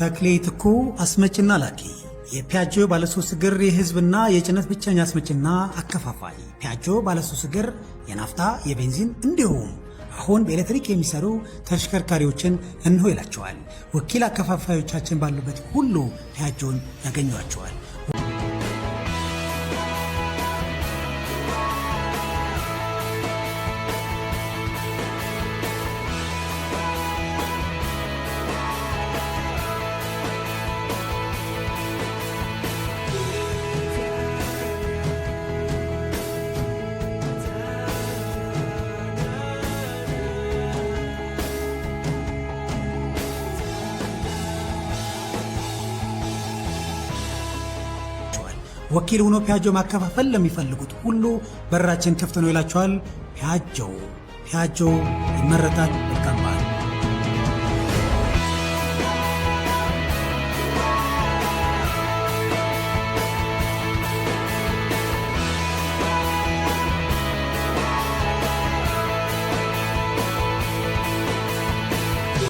ተክሌ ትኩ አስመጭና ላኪ የፒያጆ ባለሶስት እግር የህዝብና የጭነት ብቸኛ አስመጭና አከፋፋይ። ፒያጆ ባለሶስት እግር የናፍታ የቤንዚን እንዲሁም አሁን በኤሌክትሪክ የሚሰሩ ተሽከርካሪዎችን እንሆ ይላቸዋል። ወኪል አከፋፋዮቻችን ባሉበት ሁሉ ፒያጆን ያገኟቸዋል። ወኪል ሆኖ ፒያጆ ማከፋፈል ለሚፈልጉት ሁሉ በራችን ክፍት ነው ይላቸዋል። ፒያጆ ፒያጆ ይመረታል። መልካም